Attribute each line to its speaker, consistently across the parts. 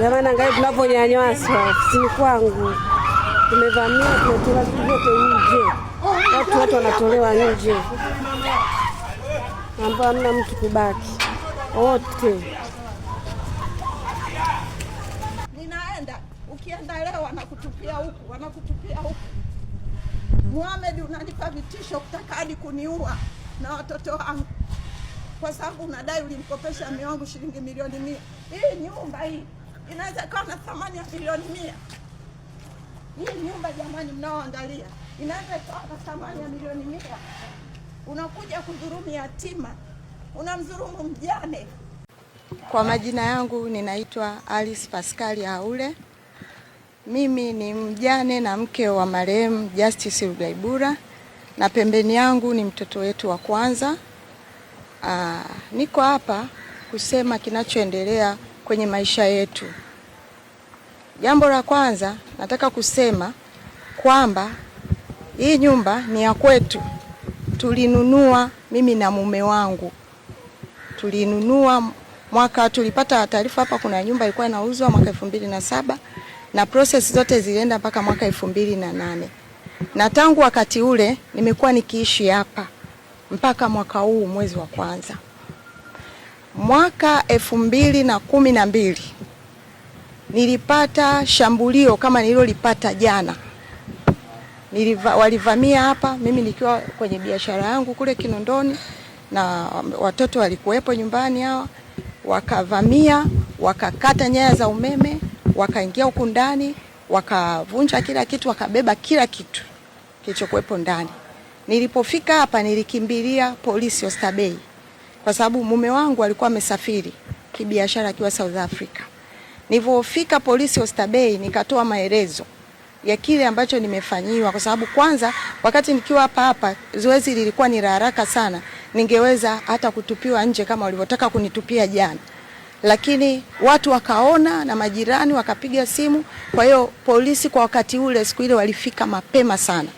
Speaker 1: Jamani, angalia tunavyonyanyaswa ofisini kwangu, tumevamia, tunatoa vitu vyote nje, watu watu wanatolewa nje, ambao hamna mtu kubaki wote.
Speaker 2: Ninaenda, ukienda leo wanakutupia huku, wanakutupia huku. Muhammad, unanipa vitisho kutaka hadi kuniua na watoto wangu kwa sababu unadai ulimkopesha mume wangu shilingi milioni mia. Hii nyumba hii inaweza ikawa na thamani ya milioni mia. Hii nyumba jamani, mnaoangalia inaweza ikawa na thamani ya milioni mia, unakuja kudhurumu yatima, unamdhurumu mjane.
Speaker 1: Kwa majina yangu ninaitwa Alice Paskali Haule. Mimi ni mjane na mke wa marehemu Justice Rugaibura, na pembeni yangu ni mtoto wetu wa kwanza. Aa, niko hapa kusema kinachoendelea kwenye maisha yetu. Jambo la kwanza nataka kusema kwamba hii nyumba ni ya kwetu, tulinunua mimi na mume wangu, tulinunua mwaka, tulipata taarifa hapa kuna nyumba ilikuwa inauzwa mwaka elfu mbili na saba na process zote zilienda mpaka mwaka elfu mbili na nane na tangu wakati ule nimekuwa nikiishi hapa mpaka mwaka huu mwezi wa kwanza. Mwaka elfu mbili na kumi na mbili nilipata shambulio kama nililolipata jana. Niliva, walivamia hapa mimi nikiwa kwenye biashara yangu kule Kinondoni na watoto walikuwepo nyumbani hawa, wakavamia wakakata nyaya za umeme, wakaingia huku ndani, wakavunja kila kitu, wakabeba kila kitu kilichokuwepo ndani. Nilipofika hapa nilikimbilia polisi Oysterbay kwa sababu mume wangu alikuwa amesafiri kibiashara akiwa South Africa. Nilipofika polisi Oysterbay nikatoa maelezo ya kile ambacho nimefanyiwa, kwa sababu kwanza, wakati nikiwa hapa hapa zoezi lilikuwa ni la haraka sana, ningeweza hata kutupiwa nje kama walivyotaka kunitupia jana, lakini watu wakaona na majirani wakapiga simu. Kwa hiyo polisi kwa wakati ule siku ile walifika mapema sana,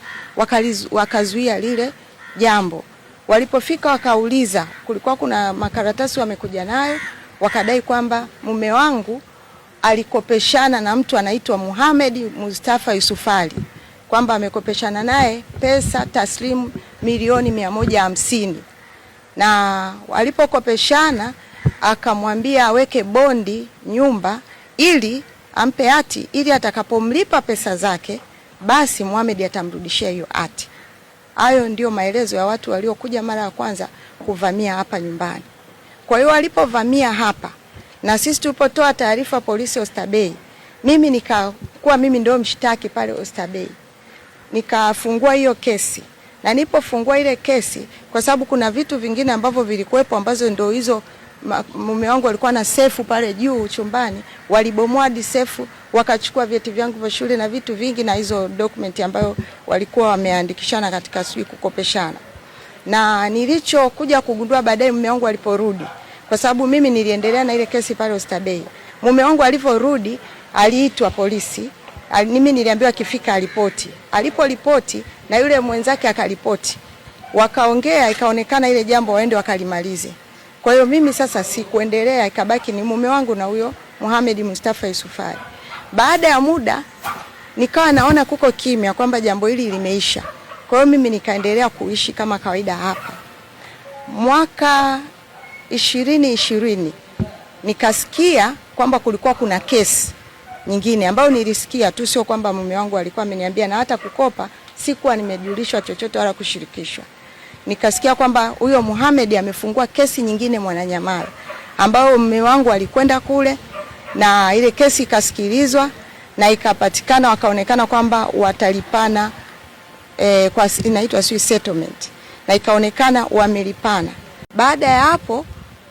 Speaker 1: wakazuia lile jambo. Walipofika wakauliza, kulikuwa kuna makaratasi wamekuja nayo, wakadai kwamba mume wangu alikopeshana na mtu anaitwa Muhammad Mustafa Yusufali, kwamba amekopeshana naye pesa taslimu milioni mia moja hamsini na walipokopeshana akamwambia aweke bondi nyumba ili ampe hati ili atakapomlipa pesa zake basi Muhammad atamrudishia hiyo hati. Hayo ndio maelezo ya watu waliokuja mara ya kwanza kuvamia hapa nyumbani. Kwa hiyo walipovamia hapa na sisi tulipotoa taarifa polisi Oysterbay, mimi nikakuwa mimi ndio mshtaki pale Oysterbay, nikafungua hiyo kesi na nilipofungua ile kesi, kwa sababu kuna vitu vingine ambavyo vilikuwepo ambazo ndio hizo mume wangu alikuwa na sefu pale juu chumbani, walibomoa hadi sefu wakachukua vyeti vyangu vya shule na vitu vingi na hizo dokumenti ambayo walikuwa wameandikishana katika sijui kukopeshana, na nilichokuja kugundua baadaye mume wangu aliporudi, kwa sababu mimi niliendelea na ile kesi pale Oysterbay. Mume wangu aliporudi aliitwa polisi Al, mimi niliambiwa akifika alipoti. Aliporipoti na yule mwenzake akaripoti, wakaongea ikaonekana ile jambo waende wakalimalize. Kwa hiyo mimi sasa sikuendelea, ikabaki ni mume wangu na huyo Mohamed Mustafa Yusufari. Baada ya muda nikawa naona kuko kimya kwamba jambo hili limeisha. Kwa hiyo mimi nikaendelea kuishi kama kawaida hapa. Mwaka ishirini ishirini nikasikia kwamba kulikuwa kuna kesi nyingine ambayo nilisikia tu, sio kwamba mume wangu alikuwa ameniambia, na hata kukopa sikuwa nimejulishwa chochote wala kushirikishwa. Nikasikia kwamba huyo Muhammad amefungua kesi nyingine Mwananyamala, ambayo mume wangu alikwenda kule na ile kesi ikasikilizwa na ikapatikana, wakaonekana kwamba watalipana e, kwa inaitwa sio settlement, na ikaonekana wamelipana. Baada ya hapo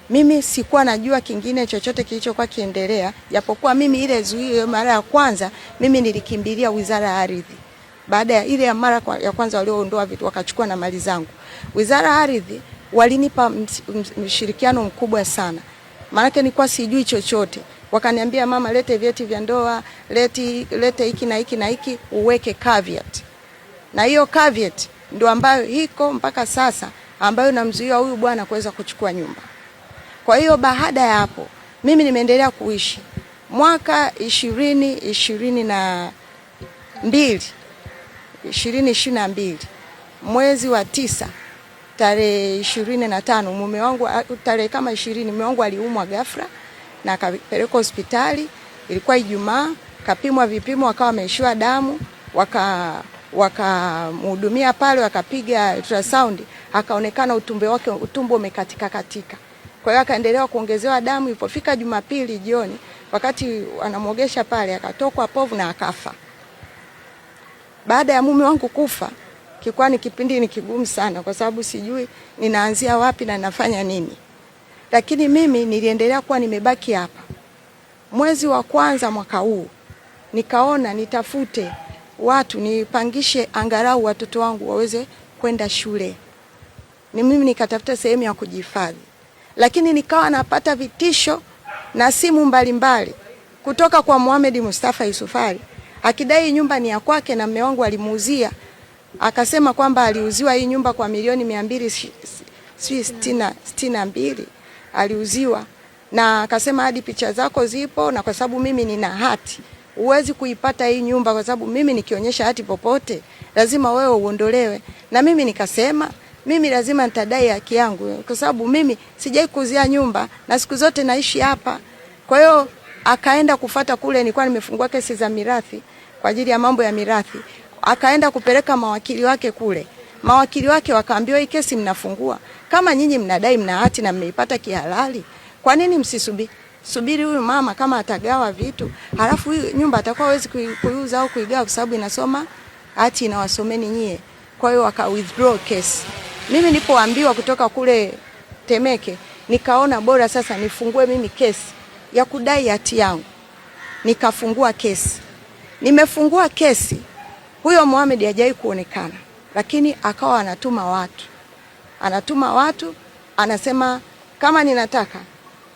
Speaker 1: mimi sikuwa najua kingine chochote kilichokuwa kiendelea, japokuwa mimi ile zuio mara ya kwanza mimi nilikimbilia Wizara ya Ardhi. Baada ya ile ya mara kwa, ya kwanza walioondoa vitu wakachukua na mali zangu, Wizara ya Ardhi walinipa mshirikiano mkubwa sana, maanake nilikuwa sijui chochote wakaniambia mama, lete vyeti vya ndoa, leti lete hiki na hiki na hiki, uweke caveat. Na hiyo caveat ndio ambayo iko mpaka sasa ambayo namzuia huyu bwana kuweza kuchukua nyumba. Kwa hiyo baada ya hapo mimi nimeendelea kuishi mwaka ishirini ishirini na mbili ishirini ishirini na mbili mwezi wa tisa tarehe ishirini na tano mume wangu, tarehe kama ishirini mume wangu aliumwa ghafla na akapelekwa hospitali. Ilikuwa Ijumaa, kapimwa vipimo, akawa ameishiwa damu, waka wakamhudumia pale, wakapiga ultrasound, akaonekana utumbo wake, utumbo umekatika katika. Kwa hiyo akaendelea kuongezewa damu. Ilipofika Jumapili jioni, wakati anamwogesha pale, akatokwa povu na akafa. Baada ya mume wangu kufa, kikwani kipindi ni kigumu sana, kwa sababu sijui ninaanzia wapi na ninafanya nini lakini mimi niliendelea kuwa nimebaki hapa. Mwezi wa kwanza mwaka huu nikaona nitafute watu nipangishe angalau watoto wangu waweze kwenda shule. Ni mimi nikatafuta sehemu ya kujihifadhi, lakini nikawa napata vitisho na simu mbalimbali mbali kutoka kwa Mohamed Mustafa Yusufari akidai nyumba ni ya kwake na mume wangu alimuuzia, akasema kwamba aliuziwa hii nyumba kwa milioni mia mbili sitini na mbili aliuziwa na akasema hadi picha zako zipo, na kwa sababu mimi nina hati, huwezi kuipata hii nyumba, kwa sababu mimi nikionyesha hati popote lazima wewe uondolewe. Na mimi nikasema mimi lazima nitadai haki yangu, kwa sababu mimi sijai kuuzia nyumba na siku zote naishi hapa. Kwa hiyo akaenda kufata kule, nilikuwa nimefungua kesi za mirathi kwa ajili ya mambo ya mirathi, akaenda kupeleka mawakili wake kule. Mawakili wake wakaambiwa hii kesi mnafungua kama nyinyi mnadai mna hati na mmeipata kihalali, kwa nini msisubiri subiri huyu mama kama atagawa vitu, halafu huyu nyumba atakuwa hawezi kuiuza au kuigawa, kwa sababu inasoma hati inawasomeni nyie. Kwa hiyo waka withdraw case. Mimi nilipoambiwa kutoka kule Temeke, nikaona bora sasa nifungue mimi kesi ya kudai hati yangu, nikafungua kesi. Nimefungua kesi, huyo Mohamed hajai kuonekana, lakini akawa anatuma watu anatuma watu, anasema kama ninataka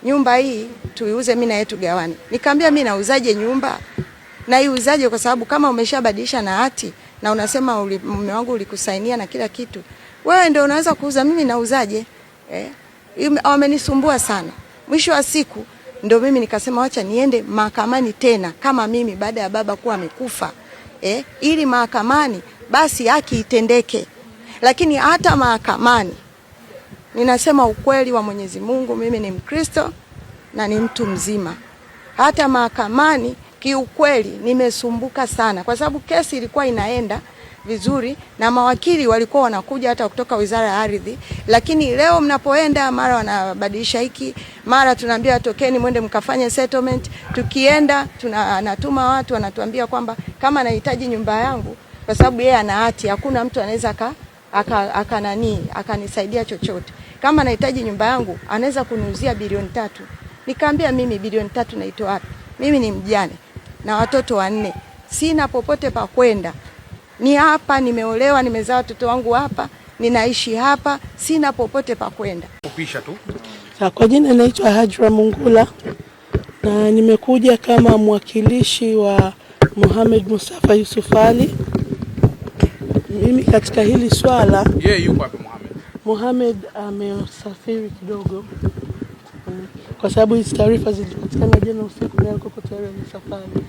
Speaker 1: nyumba hii tuiuze, mimi na yetu gawane. Nikamwambia mimi nauzaje nyumba na iuzaje? Kwa sababu kama umeshabadilisha na hati na unasema uli, mume wangu ulikusainia na kila kitu, wewe ndio unaweza kuuza, mimi nauzaje? Eh, wamenisumbua sana. Mwisho wa siku ndio mimi nikasema wacha niende mahakamani tena, kama mimi baada ya baba kuwa amekufa eh, ili mahakamani basi haki itendeke lakini hata mahakamani. Ninasema ukweli wa Mwenyezi Mungu, mimi ni Mkristo na ni mtu mzima. Hata mahakamani kiukweli, nimesumbuka sana, kwa sababu kesi ilikuwa inaenda vizuri na mawakili walikuwa wanakuja hata kutoka Wizara ya Ardhi, lakini leo mnapoenda, mara wanabadilisha hiki, mara tunaambia tokeni mwende mkafanye settlement. Tukienda tunatuma watu, wanatuambia kwamba kama anahitaji nyumba yangu, kwa sababu yeye ana hati, hakuna mtu anaweza aka, aka nani akanisaidia chochote. Kama anahitaji nyumba yangu anaweza kuniuzia bilioni tatu. Nikaambia mimi bilioni tatu naitoa wapi? Mimi ni mjane na watoto wanne, sina popote pa kwenda. Ni hapa nimeolewa, nimezaa watoto wangu hapa, ninaishi hapa, sina popote pa kwenda. Upisha
Speaker 3: tu. Kwa jina naitwa Hajra Mungula na nimekuja kama mwakilishi wa Mohamed Mustafa Yusuf Ali katika hili swala yeah, yuko wapi Mohamed? Mohamed amesafiri kidogo kwa sababu hizi taarifa zilipatikana jana usiku na yuko tayari ni safari.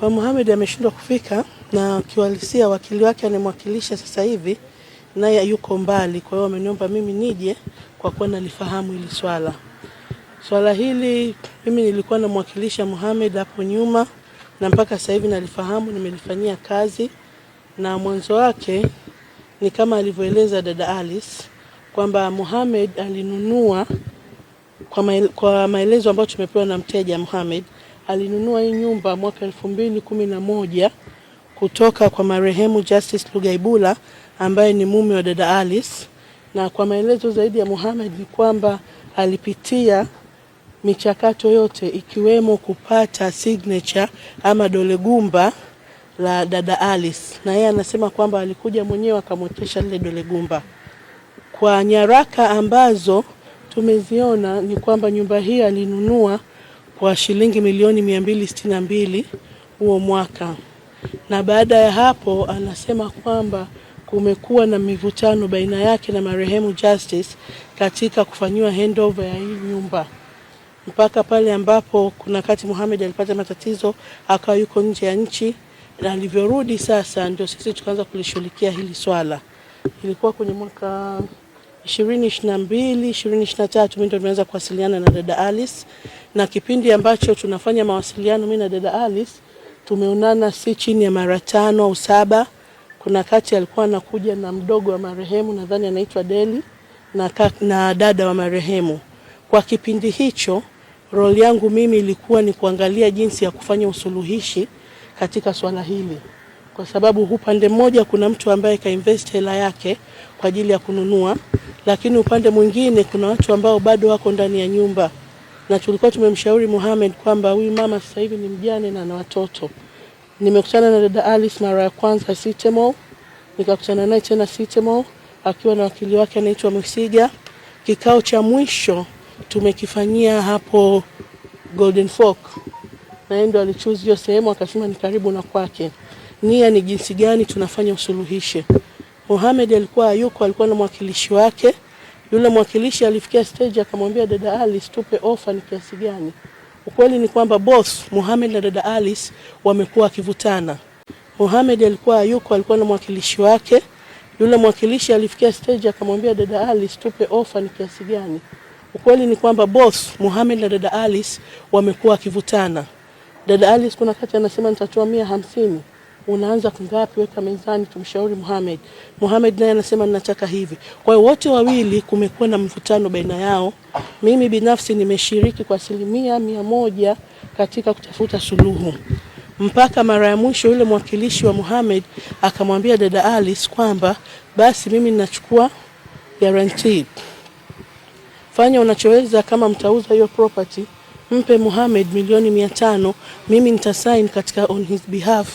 Speaker 3: Kwa Mohamed ameshindwa kufika na kiwalisia wakili wake anemwakilisha sasa hivi naye yuko mbali, kwa hiyo ameniomba mimi nije kwa kuwa nalifahamu hili swala. Swala hili mimi nilikuwa namwakilisha Mohamed hapo nyuma na mpaka sasa hivi nalifahamu, nimelifanyia kazi na mwanzo wake ni kama alivyoeleza dada Alice kwamba Mohamed alinunua kwa, mael, kwa maelezo ambayo tumepewa na mteja Mohamed alinunua hii nyumba mwaka elfu mbili kumi na moja kutoka kwa marehemu Justice Lugaibula ambaye ni mume wa dada Alice, na kwa maelezo zaidi ya Mohamed ni kwamba alipitia michakato yote ikiwemo kupata signature ama dole gumba la dada Alice, na yeye anasema kwamba alikuja mwenyewe akamwekesha lile dole gumba. Kwa nyaraka ambazo tumeziona ni kwamba nyumba hii alinunua kwa shilingi milioni mia mbili sitini na mbili huo mwaka, na baada ya hapo anasema kwamba kumekuwa na mivutano baina yake na marehemu Justice katika kufanyiwa handover ya hii nyumba mpaka pale ambapo kuna wakati Mohamed alipata matatizo akawa yuko nje ya nchi na alivyorudi sasa ndio sisi tukaanza kulishughulikia hili swala. Ilikuwa kwenye mwaka 2022 2023, mimi ndo nimeanza kuwasiliana na dada Alice, na kipindi ambacho tunafanya mawasiliano mimi na dada Alice tumeonana si chini ya mara tano au saba. Kuna kati alikuwa anakuja na mdogo wa marehemu nadhani anaitwa Deli na, na dada wa marehemu. Kwa kipindi hicho roli yangu mimi ilikuwa ni kuangalia jinsi ya kufanya usuluhishi katika swala hili, kwa sababu upande mmoja kuna mtu ambaye kainvest hela yake kwa ajili ya kununua, lakini upande mwingine kuna watu ambao bado wako ndani ya nyumba, na tulikuwa tumemshauri Mohamed kwamba huyu mama sasa hivi ni mjane na na watoto. Nimekutana na dada Alice mara ya kwanza City Mall, nikakutana naye tena City Mall akiwa na wakili wake anaitwa Msiga. Kikao cha mwisho tumekifanyia hapo Golden Fork na yeye ndo alichuzi hiyo sehemu, akasema ni karibu na kwake. Nia ni jinsi gani tunafanya usuluhishe. Mohamed alikuwa yuko alikuwa na mwakilishi wake. Yule mwakilishi alifikia stage akamwambia dada Alice, tupe ofa ni kiasi gani? Ukweli ni kwamba boss Mohamed na dada Alice wamekuwa wakivutana. Mohamed alikuwa yuko alikuwa na mwakilishi wake. Yule mwakilishi alifikia stage akamwambia dada Alice, tupe offer ni kiasi gani? Ukweli ni kwamba boss Mohamed na dada Alice wamekuwa wakivutana. Dada Alice kuna kati anasema nitatoa mia hamsini. Unaanza kungapi? Weka mezani, tumshauri Mohamed. Mohamed naye anasema ninataka hivi. Kwa hiyo wote wawili kumekuwa na mvutano baina yao. Mimi binafsi nimeshiriki kwa asilimia mia moja katika kutafuta suluhu, mpaka mara ya mwisho yule mwakilishi wa Mohamed akamwambia dada Alice kwamba basi mimi ninachukua guaranteed, fanya unachoweza, kama mtauza hiyo property mpe Mohamed milioni mia tano, mimi nitasign katika on his behalf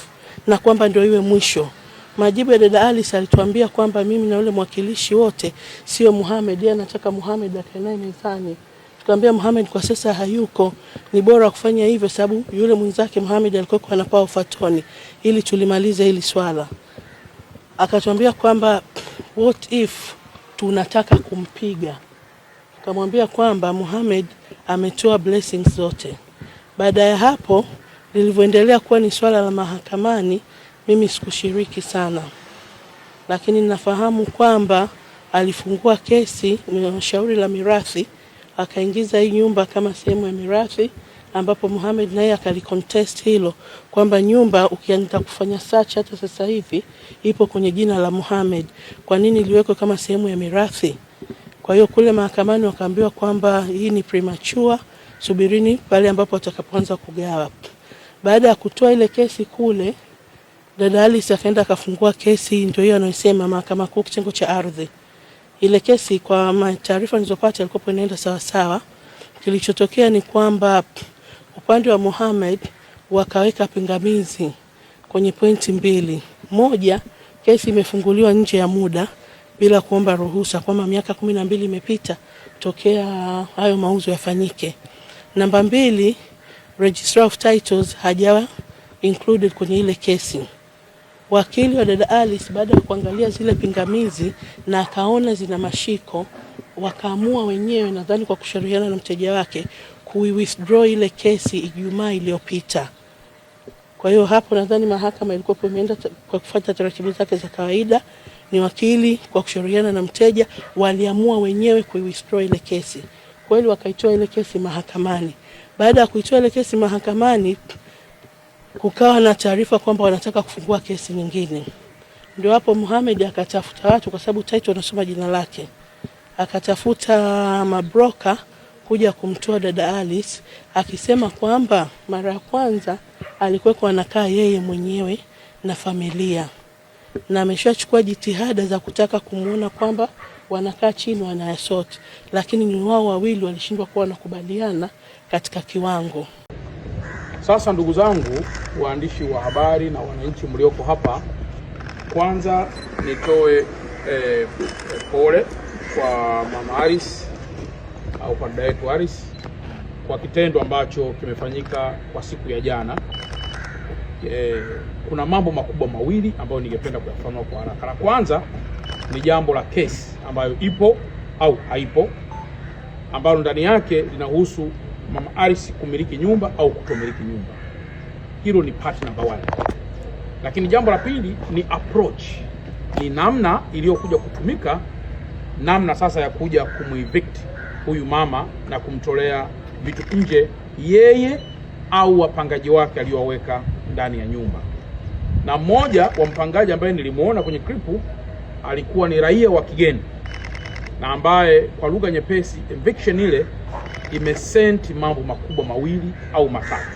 Speaker 3: na kwamba ndio iwe mwisho. Majibu ya dada Alice alituambia kwamba mimi na yule mwakilishi wote sio Mohamed, yeye anataka Mohamed akae naye mezani. Tukamwambia Mohamed kwa sasa hayuko, ni bora kufanya hivyo sababu yule mwenzake Mohamed alikuwa kwa anapaa ufatoni ili tulimalize hili swala. Akatuambia kwamba what if tunataka kumpiga kamwambia kwamba Muhammad ametoa blessings zote. Baada ya hapo, lilivyoendelea kuwa ni swala la mahakamani, mimi sikushiriki sana, lakini nafahamu kwamba alifungua kesi shauri la mirathi, akaingiza hii nyumba kama sehemu ya mirathi, ambapo Muhammad naye akalicontest hilo kwamba nyumba ukianza kufanya search hata sasa hivi ipo kwenye jina la Muhammad, kwa nini iliwekwa kama sehemu ya mirathi? Kwa hiyo kule mahakamani wakaambiwa kwamba hii ni premature, subirini pale ambapo watakapoanza kugawa. Baada ya kutoa ile kesi kule, dada Alice akaenda akafungua kesi, ndio hiyo anayosema mahakama kuu kitengo cha ardhi. Ile kesi kwa taarifa nilizopata ilikuwa inaenda sawa sawa. Kilichotokea ni kwamba upande wa Mohamed wakaweka pingamizi kwenye pointi mbili. Moja, kesi imefunguliwa nje ya muda bila kuomba ruhusa, kwamba miaka kumi na mbili imepita tokea hayo mauzo yafanyike. Namba mbili, Registrar of Titles hajawa included kwenye ile kesi. Wakili wa dada Alice baada ya kuangalia zile pingamizi na akaona zina mashiko, wakaamua wenyewe, nadhani kwa kushauriana na mteja wake, kuwithdraw ile kesi Ijumaa iliyopita. Kwa hiyo hapo nadhani mahakama ilikuwa imeenda kwa kufuata taratibu zake za kawaida ni wakili kwa kushauriana na mteja waliamua wenyewe kuiwithdraw ile kesi. Kweli wakaitoa ile kesi mahakamani. Baada ya kuitoa ile kesi mahakamani, kukawa na taarifa kwamba wanataka kufungua kesi nyingine. Ndio hapo Mohamed akatafuta watu, kwa sababu title anasoma jina lake, akatafuta mabroka kuja kumtoa dada Alice, akisema kwamba mara ya kwanza alikuwa anakaa yeye mwenyewe na familia na ameshachukua jitihada za kutaka kumuona kwamba wanakaa chini wanayasoti, lakini ni wao wawili walishindwa kuwa wanakubaliana katika kiwango.
Speaker 4: Sasa ndugu zangu waandishi wa habari na wananchi mlioko hapa, kwanza nitoe eh, pole kwa mama Aris au kwa dada yetu Aris kwa kitendo ambacho kimefanyika kwa siku ya jana eh, kuna mambo makubwa mawili ambayo ningependa kuyafanua kwa haraka. La kwanza ni jambo la kesi ambayo ipo au haipo, ambalo ndani yake linahusu mama Alice kumiliki nyumba au kutomiliki nyumba. Hilo ni part number one. Lakini jambo la pili ni approach, ni namna iliyokuja kutumika, namna sasa ya kuja kumuevict huyu mama na kumtolea vitu nje yeye au wapangaji wake aliowaweka ndani ya nyumba, na mmoja wa mpangaji ambaye nilimuona kwenye klipu alikuwa ni raia wa kigeni na ambaye kwa lugha nyepesi, eviction ile imesenti mambo makubwa mawili au matatu.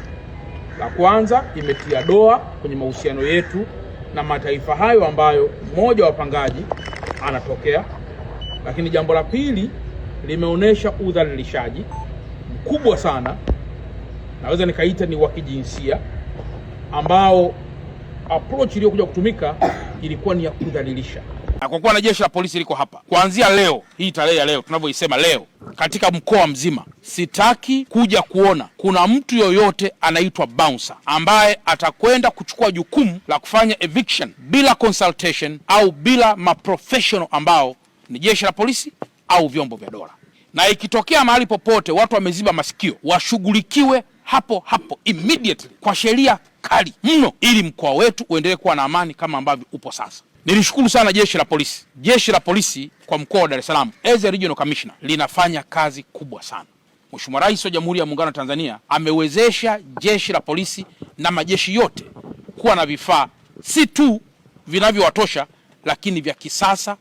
Speaker 4: La kwanza, imetia doa kwenye mahusiano yetu na mataifa hayo ambayo mmoja wa wapangaji anatokea, lakini jambo la pili limeonyesha udhalilishaji mkubwa sana, naweza nikaita ni wa kijinsia ambao approach iliyokuja kutumika ilikuwa ni ya kudhalilisha.
Speaker 5: Na kwa kuwa na jeshi la polisi liko hapa kuanzia leo hii, tarehe ya leo tunavyoisema leo, katika mkoa mzima, sitaki kuja kuona kuna mtu yoyote anaitwa bouncer ambaye atakwenda kuchukua jukumu la kufanya eviction bila consultation au bila maprofessional ambao ni jeshi la polisi au vyombo vya dola. Na ikitokea mahali popote watu wameziba masikio, washughulikiwe hapo hapo immediately kwa sheria kali mno ili mkoa wetu uendelee kuwa na amani kama ambavyo upo sasa. Nilishukuru sana jeshi la polisi. Jeshi la polisi kwa mkoa wa Dar es Salaam as a regional commissioner linafanya kazi kubwa sana. Mheshimiwa Rais wa Jamhuri ya Muungano wa Tanzania amewezesha jeshi la polisi na majeshi yote kuwa na vifaa si tu vinavyowatosha, lakini vya kisasa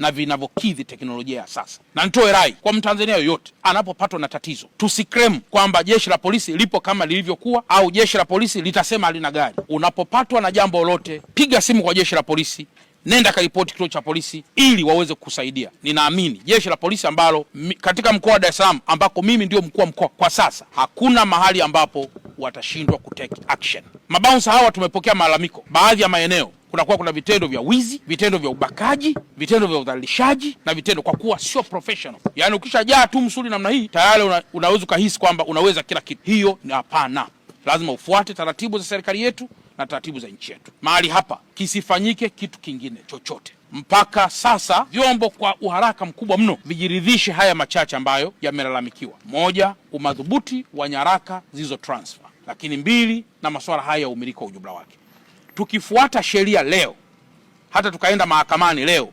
Speaker 5: na vinavyokidhi teknolojia ya sasa. Na nitoe rai kwa mtanzania yoyote anapopatwa na tatizo, tusikremu kwamba jeshi la polisi lipo kama lilivyokuwa au jeshi la polisi litasema halina gari. Unapopatwa na jambo lolote, piga simu kwa jeshi la polisi nenda karipoti kituo cha polisi ili waweze kusaidia Ninaamini jeshi la polisi ambalo katika mkoa wa Dar es Salaam ambako mimi ndio mkuu wa mkoa kwa sasa, hakuna mahali ambapo watashindwa kutake action. Mabaunsa hawa tumepokea malalamiko baadhi ya maeneo kunakuwa kuna vitendo vya wizi, vitendo vya ubakaji, vitendo vya udhalilishaji na vitendo kwa kuwa sio professional. Yaani ukishajaa tu msuli namna hii tayari una, unaweza ukahisi kwamba unaweza kila kitu. Hiyo ni hapana, lazima ufuate taratibu za serikali yetu, na taratibu za nchi yetu. Mahali hapa kisifanyike kitu kingine chochote mpaka sasa vyombo kwa uharaka mkubwa mno vijiridhishe haya machache ambayo yamelalamikiwa: moja, umadhubuti wa nyaraka zilizo transfer, lakini mbili, na masuala haya ya umiliki kwa ujumla wake. Tukifuata sheria leo, hata tukaenda mahakamani leo,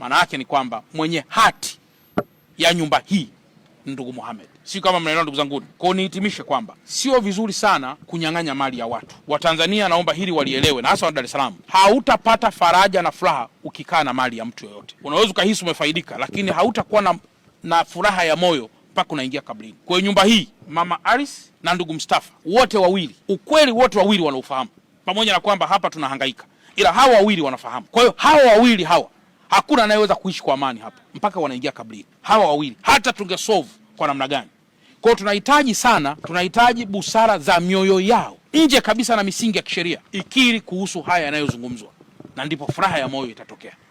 Speaker 5: maana yake ni kwamba mwenye hati ya nyumba hii ndugu Mohamed si kama mnaelewa ndugu zangu. Kwao nihitimishe kwamba sio vizuri sana kunyang'anya mali ya watu. Watanzania naomba hili walielewe, na hasa wa Dar es Salaam. Hautapata faraja na furaha ukikaa na mali ya mtu yoyote. Unaweza ukahisi umefaidika, lakini hautakuwa na, na furaha ya moyo mpaka unaingia kabrini. Kwenye nyumba hii mama Aris na ndugu Mustafa wote wawili, ukweli wote wawili wanaufahamu, pamoja na kwamba hapa tunahangaika, ila hawa wawili wanafahamu. Kwa hiyo hawa wawili hawa hakuna anayeweza kuishi kwa amani hapa mpaka wanaingia kabrini hawa wawili, hata tungesolve kwa namna gani kwao tunahitaji sana, tunahitaji busara za mioyo yao nje kabisa na misingi ya kisheria ikiri kuhusu haya yanayozungumzwa, na ndipo furaha ya moyo itatokea.